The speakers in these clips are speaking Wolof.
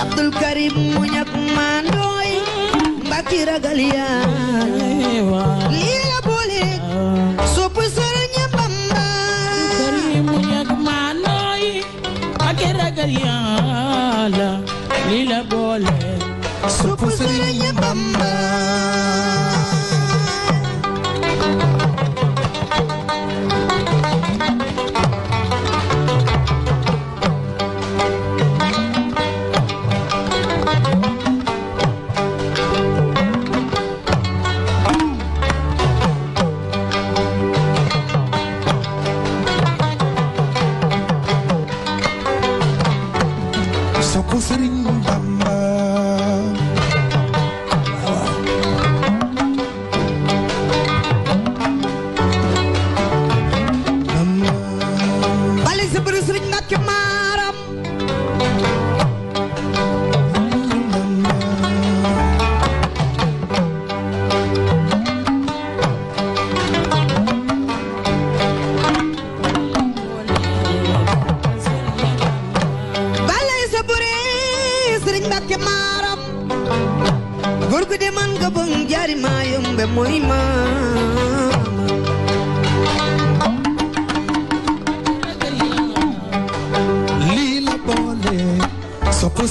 Abdul Karim muñak mandooy mbaki ragal Yàlla lii la boole sopp Sëriñ Bamba Karim muñak mandooy mbaki ragal Yàlla lii la boole sopp Sëriñ Bamba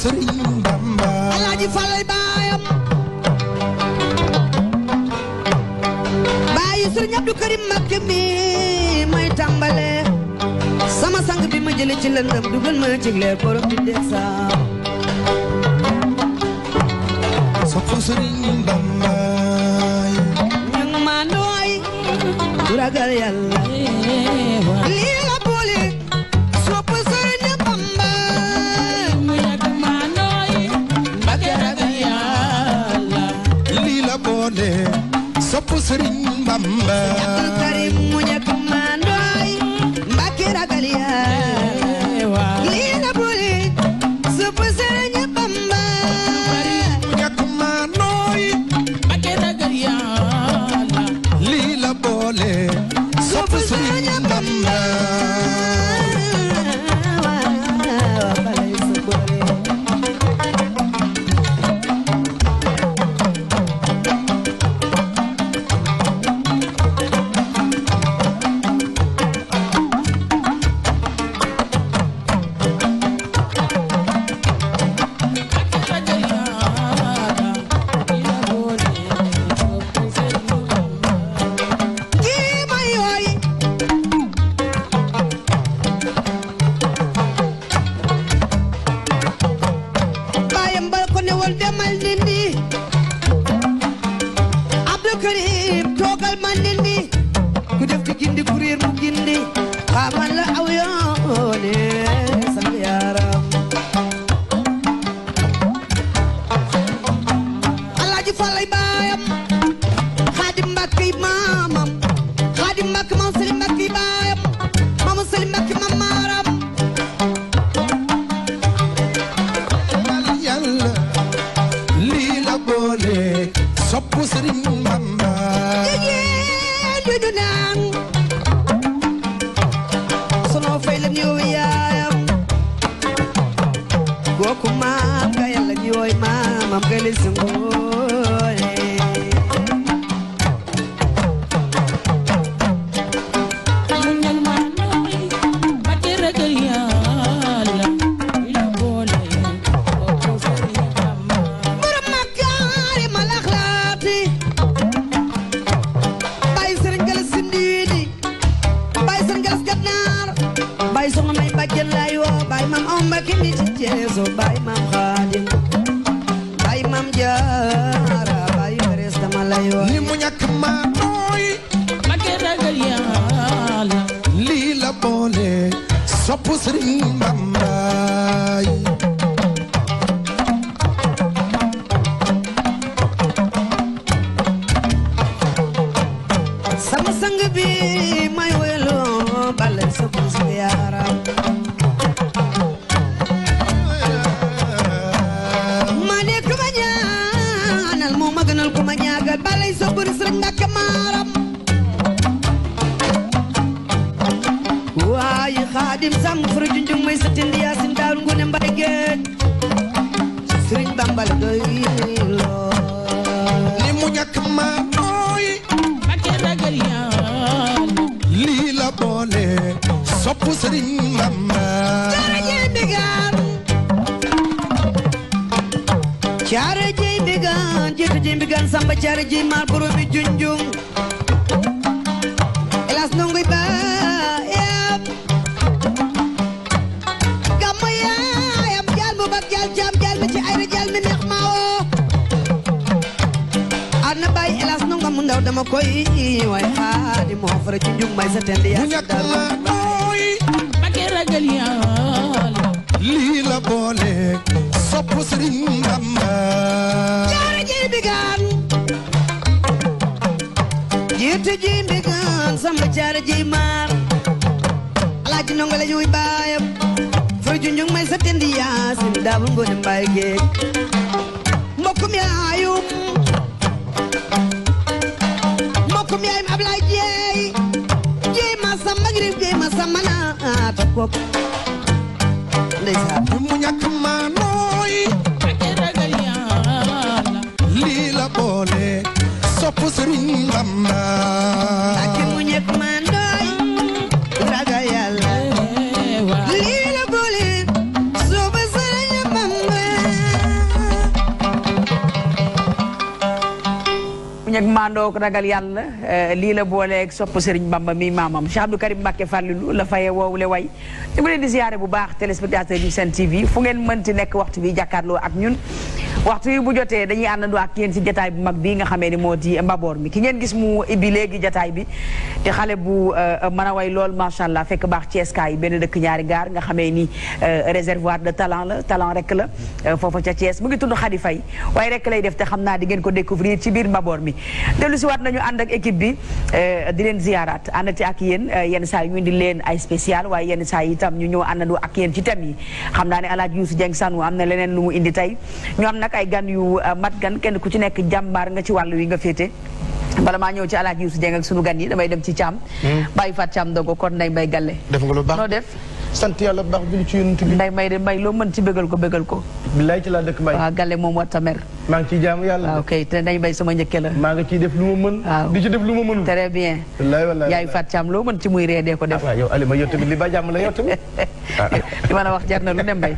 Sëriñ Bamba Alaaji Falay baayam baayu Sëriñ Abdou Karim sama sang bi ma jële ci lëndëm dugal ma ci leer borom di desa sopp Sëriñ ma nooy du ragal so by my Sëriñ sama sang bi may welo bale sa bus yaaram ma nekk ma ñaanal moo ma gënal ku ma ñaagal bale sa bur Sëriñ Ndaka Mara xadim sàmm fara junjung may sa tindi yaasin daawul la doy loo li la boole sopp sëriñ Bamba jaarajey ndigaan jaarajey ndigaan jiitu jey ndigaan samba jaarajey maar boromi junjung elas nongoy ma ke ragal yaal lii la boole sopp sëriñ Bamba ji mbigaan jiite ji mbigaan samba jaara ji maar alaaji nongale yuy baayam fara ci may sa tend yaa si daabul ngoone mbaay géej mbokkum yaayum mbokkum yaayam Ablaay jeey jeey ma samba gi jeey ma samba naa ta ko ndeysaan mu ñàkk ma nooy lii la boole sopp Sëriñ Bamba àndoog ragal yàlla eh, lii la booleeg sopp Serigne mbamba mi maamam Cheikh Abdou Karim Mbacke Fallilou la faye woowule way ñu ngi leen di bu baax téléspectateurs yu Sen TV fu ngeen mënti nekk waxtu bi jàkkaarloo ak ñun waxtu yi bu jotee dañuy àndandoo ak yéen si jataay bi mag bi nga xamee ni moo di mbaboor mi ki ngeen gis mu ibbi léegi jataay bi te xale bu euh, mën a way lool macha allah fekk baax ci Cees yi benn dëkk ñaari gaar nga xamee ni euh, réservoir de talent la talent rek la euh, foofu ca Cees mu ngi tudd xadi fay waaye rek lay def te xam naa di ngeen ko découvrir ci biir mbaboor mi dellu si waat nañu ànd ak équipe bi di leen ziyaaraat àndati ak yéen yenn saa yi ñu leen ay spécial waaye yenn saa yi itam ñu ñëw àndandoo ak yéen ci thème yi xam naa ne Alaaji Youssou Dieng Sanou am na leneen lu mu indi tey ay gan yu uh, mat gan kenn ku ci nekk jàmbaar nga ci wàll wi nga féete bala maa ñëw ci alaaj Youssou Dieng ak sunu gan yi damay dem ci Thiam. Hmm. bàyyi faat Thiam dogo kon nday mbay galle def nga lu baax noo def. sant yàlla bu baax bi ci yonent bi. nday mbay de mbay loo mën ci bégal ko bégal ko. bilaay ci laa dëkk mbay. waaw galle moom wa tamer maa ngi ciy jaamu yàlla. waaw ah, kay te day bay sama njëkke la. maa ngi ciy def lu ma mën. waaw ah. di ci def lu ma mënul. très bien. wallaahi wallaahi yaay Fatou Thiam loo mën ci muy reedee ko def. Ah, waaw yow Alima yow tamit li ba jàmm la yow tamit. li ma la wax jar na lu ne mbay.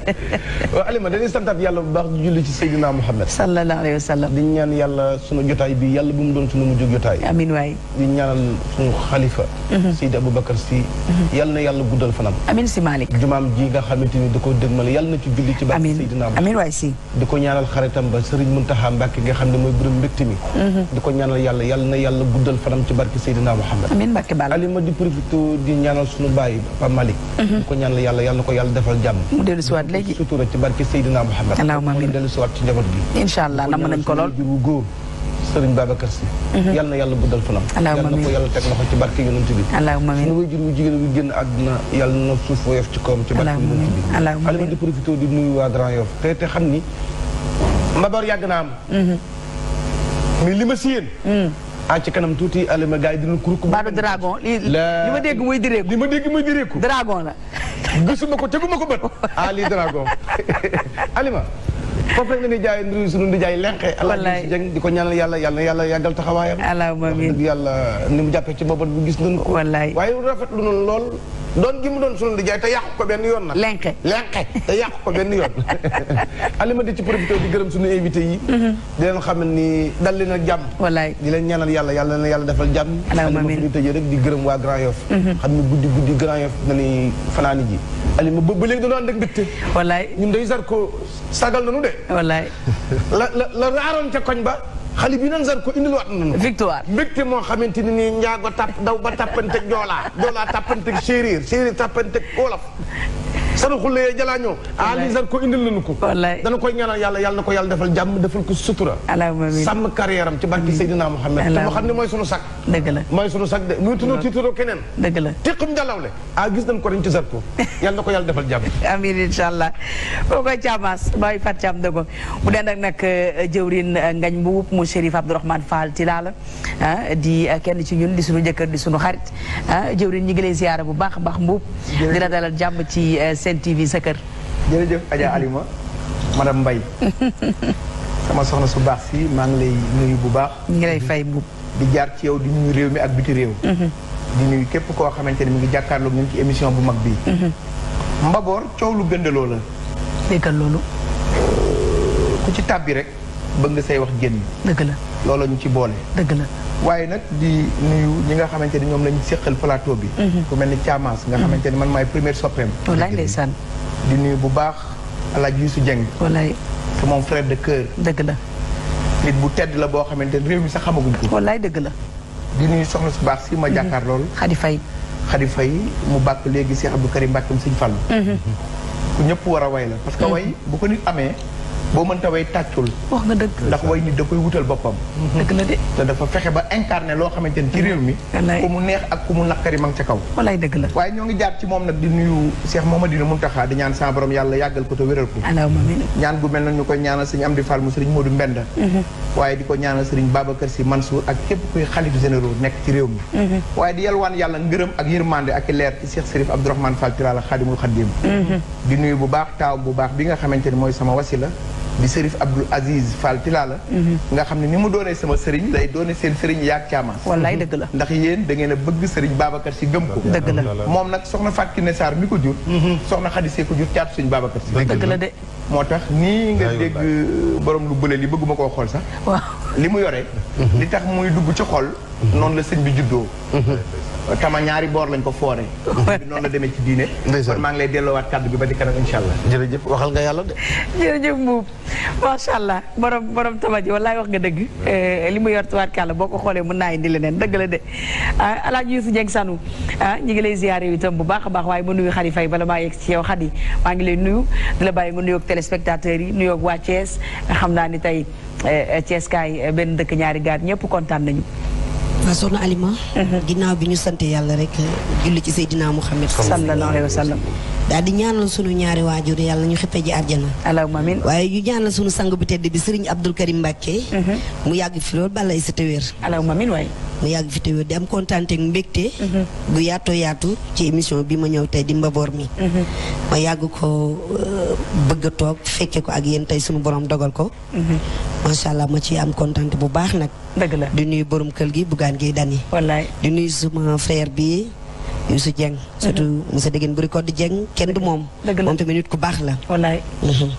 waaw Alima dañuy santaat yàlla bu baax di julli ci Seydina Mouhamed. sallallahu alayhi wa sallam. di ñaan yàlla sunu jotaay bi yàlla bu mu doon sunu mujj jotaay. amiin waay. di ñaanal sunu xalifa. Mhm. Seydi Aboubacar Sy. Mhm. yàlla na yàlla guddal fanam. amiin si Malick. jumaam ji nga xamante ni da koo dégmal yàlla na ci julli ci baax Seydina Mouhamed. amiin waay si. di ko ñaanal xare xaritam ba Serigne Mountakha Mbacké nga xam ne mooy borom mbégte mi mhm. di ko ñaanal yàlla yàlla na yàlla guddal fanam ci barke Seydina Mouhamed amiin Mbacké Balla alima di profité di ñaanal sunu baay Pa mhm. di ko ñaanal yàlla defal jàmm mu dellu si waat sutura ci barke Seydina Mouhamed allahumma amiin dellu si waat di nuyu waa Grand Yoff te te xam ni mbabar yàgg naa am. Mhm. mais li ma siyeen. Mhm. ah ci kanam tuuti Alima ma yi dina kuruk. baadu dragon li li ma dégg muy direeku. li ma dégg muy direeku. dragon la. gisuma ko teguma ko bët. ah lii dragon Alima. foofu rek la ñuy jaay nuyu sunu di jaay lenqe. wallaay allah di ko ñaanal yàlla yàlla yàlla yàggal taxawaayam. allahumma amiin yàlla ni mu jàppee ci boppam bi gis nañu ko. wallaay waaye rafetlu na lool. doon gi mu doon sunu nijaay te yàqu ko benn yoon nag. lenqe lenqe te yàqu ko benn yoon. alima di ci profité di mhm. ni dal leen ak jàmm. wallaay di leen ñaanal yàlla yàlla na yàlla defal jàmm. alima fu ñu tëjee rek di gërëm waa Grand Yoff. Mhm. xam ni guddi guddi Grand Yoff na ni fanaani ji. alima ba ba léegi dañoo ànd ak mbégte. wallaay ñun day sar ko sagal nañu de. la raaroon ca koñ ba. xale bi nan zar ko indil waat nañu victoire mbégte moo xamante ne nii njaago tàpp daw ba tàppanteeg joolaa joolaa tàppanteeg séeréer séeréer tàppanteeg wolof sanu xulle yee jalaañoo ali sar ko indil ko dana defal jàmm defal ko sutura sàmm carrière am ci Seydina mu xam sunu sac dëgg la mooy sunu sac de muy tunu tiituro keneen dëgg la tiqum jalawle ah gis nañ ko dañ ci sar na ko yàlla defal jàmm amin incha allah boo koy càmmaas bàyyi fat càmm dëgg mu deen ak nag euh, jëwrin euh, ngañ mu Chérif Abdourahmane Fall ci laala ah, di euh, kenn ci ñun di sunu jëkkër di sunu xarit ah, jëwrin ñi ziyaara bu baax baax mbuub dina dalal jàmm ci seen TV sa kër. jërëjëf Adja Alima madame Mbaye sama soxna su baax si maa ngi lay nuyu bu baax. ñu ngi lay fay bu. di jaar ci yow di nuyu réew mi ak biti réew. Mhm. di nuyu képp koo xamante ne mu ngi jàkkaarloog ñun ci émission bu mag bi mhm. Mbaboor coow lu gëndaloo la. déggal loolu. ku ci tàbbi rek bëgg nga say wax génn. dëgg la. loolu ñu ci boole. dëgg la waaye nag di nuyu ñi nga xamante ni ñoom lañu séqal plateau bi. Mhm. ku mel ni Thiamas nga xamante ni man maay première soppeem. wallaay ndeysaan di bu baax El Hadj Youssou Dieng. wallaay c'est mon frère de bu tedd la boo xamante ni réew mi sax xamaguñ ko. wallaay dëgg la. di nuyu soxna su baax si ma mhm. jàkkaar lool. Khady fay Khady Faye mu bàkk léegi si Abdou Karim Mbàkkeem Sëñ Fallu mhm. ku ñëpp war a way la parce que way bu ko nit amee. boo mënta way tàccul. wax nga dëgg ndax way nit da koy wutal boppam. dëgg la de. te dafa fexe ba incarné loo xamante ni ci réew mi. ku mu neex ak ku mu naqari ma ngi ca kaw. walaay dëgg la waaye ñoo ngi jaar ci moom nag di nuyu Cheikh Mouhamadou Mountakha di ñaan sa borom yàlla yàggal ko wéral ko. ñaan sëriñ Modou Mbenda. Mhm. waaye ak képp kuy xalif généraux nekk ci réew mi. Mhm. waaye di yalwaan yàlla ngërëm ak yërmande ak leer ci Cheikh Sérif Abdourahmane mhm. bi nga xamante ni mooy sama di sërif Abdou Aziz Fall Tilala mhm. nga xam ne ni mu doonee sama sëriñ lay doone seen sëriñ yaag caama wallaay dëgg la ndax yéen da a bëgg sëriñ Babacar si gëm ko dëgg la moom nag soxna Fatou Kiné Sarr mi ko jur mhm. soxna Khady Seye ko jur caatu sëriñ Babacar si dëgg la de moo tax nii nga dégg borom lu bële li bëgguma koo xool sax li mu yore mhm. li tax muy dugg ci xol noonu la sëñ bi juddoo tama ñaari boor lañ ko foore bi noonu la demee ci diine kon bi ba di kanam insha allah jërëjëf waxal nga yàlla de jërëjëf macha allah borom borom tabaji wallaay wax nga dëgg eh, li mu yor tubaarkàlla boo ko xoolee mën naa indi leen dëgg la de alaaji ah, Youssou Dieng Sanou ah ñu ngi lay ziyaare yu tam bu baax a baax waaye ma nuyu Khady Faye bala maa yegg ci yow Khady maa ngi leen nuyu di bàyyi nga nuyoog téléspectateurs yi nuyoog waa Thiès xam naa ni tey eh, Thiès kaay eh, benn dëkk ñaari gaar ñëpp kontaan nañu waaw soxna Alima mhm. ginnaaw bi ñu sante yàlla rek julli ci Seydina Mouhamed sallallahu alayhi wa sallam daal di ñaanal sunu ñaari waajur yàlla ñu xippe ji àjjana allahumma amiin waaye ñu ñaanal sunu sang bu tedd bi sëriñ Abdul Karim Mbàkke mhm. mu yàgg fi loolu balay sa téwéer allahumma amiin waay mu yàgg fi téwéer di am kontaante mbégte mhm. bu yaatoo yaatu ci émission bi ma ñëw tey di mbaboor mi mhm. ma yàgg ko euh, bëgg a toog fekke ko ak yéen tey sunu borom dogal ko macha allah ma ci am kontaante bu baax nag dëgg la di nuyu borom kër gi buggaan gi dani di nuyu suma frère bi Youssou Dieng surtout mhm. monsieur Degene buri kodd Dieng kenn du moom moom tamit nit ku baax la wallaay mhm.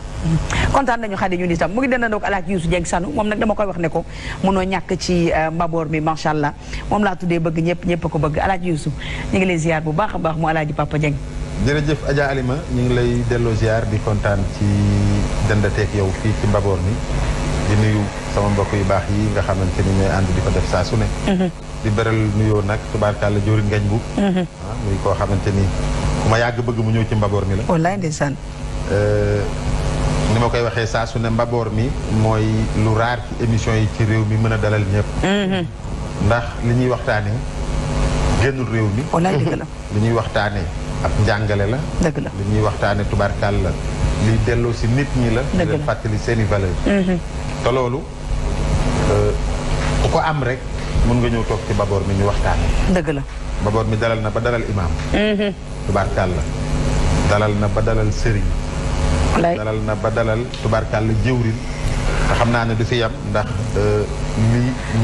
kontaan nañu xadi ñu ni tam mu ngi dendandoog alaaj Youssou Dieng Sanu moom nag dama koy wax ne ko mënoo ñàkk ci euh, mbaboor mi macha allah moom laa tuddee bëgg ñëpp ñëpp ko bëgg alaaj Youssou ñu lay ziar bu baax a baax mu alaaji Papa Dieng jërëjëf Adja Alima ñu lay delloo ziar di kontaan ci dendateeg yow fii ci mbaboor mi di nuyu sama mbokk yu baax yi nga xamante ni ñooy ànd di ko def saa su ne. Mhm. di beral nuyoo nag tubaarkàlla jóorin ngañ bu. Mhm. ah muy koo xamante ni ku ma yàgg bëgg mu ñëw ci mbaboor mi la. wallaay ndeysaan. Euh, ni ma koy waxee saasu ne mbaboor mi mooy lu raar ci émission yi ci réew mi mën a dalal ñëpp. Mhm. ndax li ñuy waxtaane génnul réew mi. wallaay dëgg la li ñuy waxtaanee ab njàngale la. dëgg la li ñuy waxtaanee tubaarkàlla liy delloo si nit ñi la. dëgg la fàttali seen i valeur te loolu euh, ku ko am rek mun nga ñëw toog ci baboor mi ñu waxtaan dëgg la baboor mi dalal na ba dalal imaam tubaarkàlla dalal na ba dalal sëriñ dalal na ba dalal tubaarkàlla jëwrin a xam naa ne du si yam ndax euh, li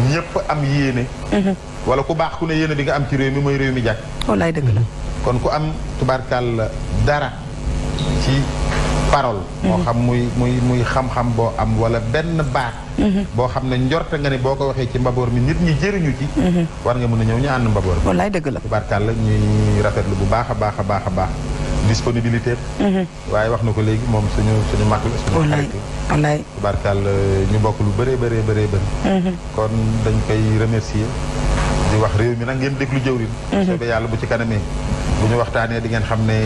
ñëpp am yéene mhm. wala ku baax ku ne yéene bi nga am ci réew mi mooy réew mi jàkk wallaay dëgg la kon ku am tubaarkàlla dara ci parole mm-hmm. moo xam muy muy muy xam-xam boo am wala benn baat mm-hmm. boo xam ne njorte nga ne boo ko waxee ci mbaboor mi nit ñi jëriñu ci mm-hmm. war nga mën a ñëw ñu ànd mbaboor bi wallaay dëgg la barkàlla ñuy rafet lu bu baax a baax a baax a baax disponibilité waaye wax na ko léegi moom suñu suñu mag la suñu xarit wallaay barkàll ñu bokk lu bëree bëree bëree bëri kon dañ koy remercier di wax réew mi nag ngeen déglu jëwrin soobee yàlla bu ci kanamee bu ñu waxtaanee di ngeen xam ne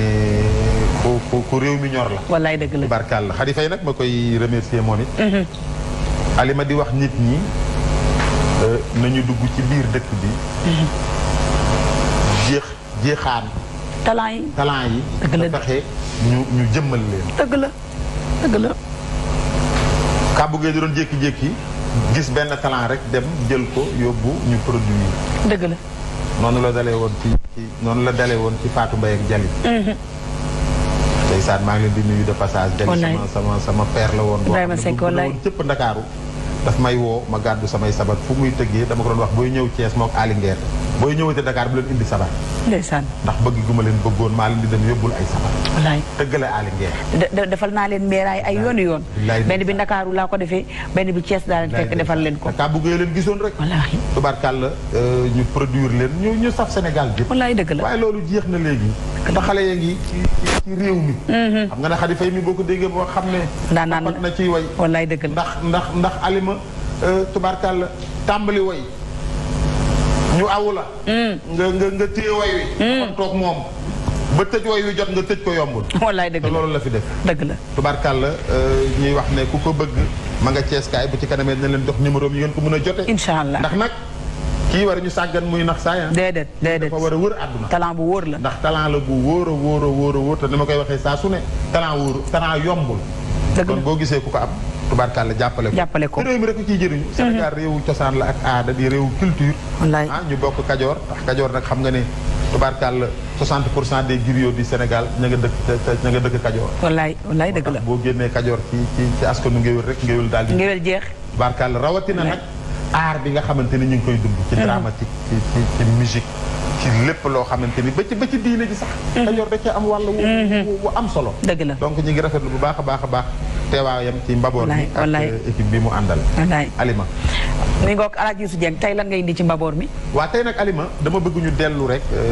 ku ku réew mi ñor la. wallaay dëgg la barkaal la Khady Faye nag ma koy remercier moom it. Mhm. alima di wax nit ñi euh, nañu dugg ci biir dëkk bi. Mhm. jeex jeexaan. talent yi talent yi. dëgg la taxee ñu ñu jëmmal leen. dëgg la dëgg la. kàbbu gee di doon jékki-jékki gis benn talent rek dem jël ko yóbbu ñu produire. dëgg la noonu la dalee woon noonu la dale woon ci faatu Mbaye ak Jali mhm. ndeysaan maa ngi leen di nuyu de passage Jali sama sama sama la woon boo la ne cëpp Ndakaaru daf may woo ma gàddu samay sabat fu muy tëggee dama ko doon wax booy ñëw Thiès mook Alinguer booy ñëwatee Dakar bu leen indi sabar. ndeysaan ndax bëgg gu ma leen bëggoon maa leen di dem yóbbul ay sabar. wallaay tëggale defal naa leen meeraay ay yoon yoon. benn bi Ndakaaru laa ko defee benn bi Thiès daa defal leen ko. Dakar bu gëyee leen gisoon rek. wallaay tubaarkàlla euh, ñu produire leen ñu ñu saf Sénégal bi. wallaay dëgg la waaye loolu jeex na léegi. ndax xale yaa ci réew mi. Mm-hmm. xam nga ne Khady Faye mi boo ko déggee boo xam ne. daan naan na ciy way. wallaay dëgg la ndax ndax ndax alima euh, tubaarkàlla tàmbali way ñu awu la. Hmm. nga nga nga téye way wi. kon hmm. toog moom. ba tëj way wi jot nga tëj ko yombul. wallaay dëgg la la fi def. dëgg la tubaarkàlla euh, ñuy wax ne ku ko bëgg. ma nga ceeskaay bu ci kanamee dina leen jox numéro yi ngeen ko mun a jote incha allah ndax nag. kii war ñu sàggan muy nax saaya déedéet déedéet dafa war a wër àdduna talent bu wóor la ndax talent la bu wóor a wóor a wóor a wóor te ni ma koy waxee saa su ne talent wóor talent yombul kon boo gisee ku ko am tubaarkàlla jàppale ko jàppale ko réew mi rek ciy jëriñu mm-hmm. Sénégal réewu cosaan la ak aada di réewu culture ah ñu bokk kajoor ndax kajoor nag xam nga ne tubaarkàlla 60 pour cent des griots du Sénégal ña dëkk kajoor wallaay wallaay la boo génnee kajoor ci ci ci ngéwél rek ngéwél daal di ngéwél jeex tubaarkàlla rawatina nag bi nga xamante ni ñu ngi koy dund ci mm-hmm. dramatique ci ci ci musique ci lépp loo xamante ni ba ci ba ci diine ji sax mm-hmm. kajoor da cee am wàll wu am solo dëgg la donc ñu ngi a a teewaayam ci mbaboor bi ak euh, équipe bi mu àndal alima mi ngoog Alaaji Yuusu Jeng tey lan ngay indi ci mbaboor mi waaw tey nag alima dama bëgg ñu dellu rek euh,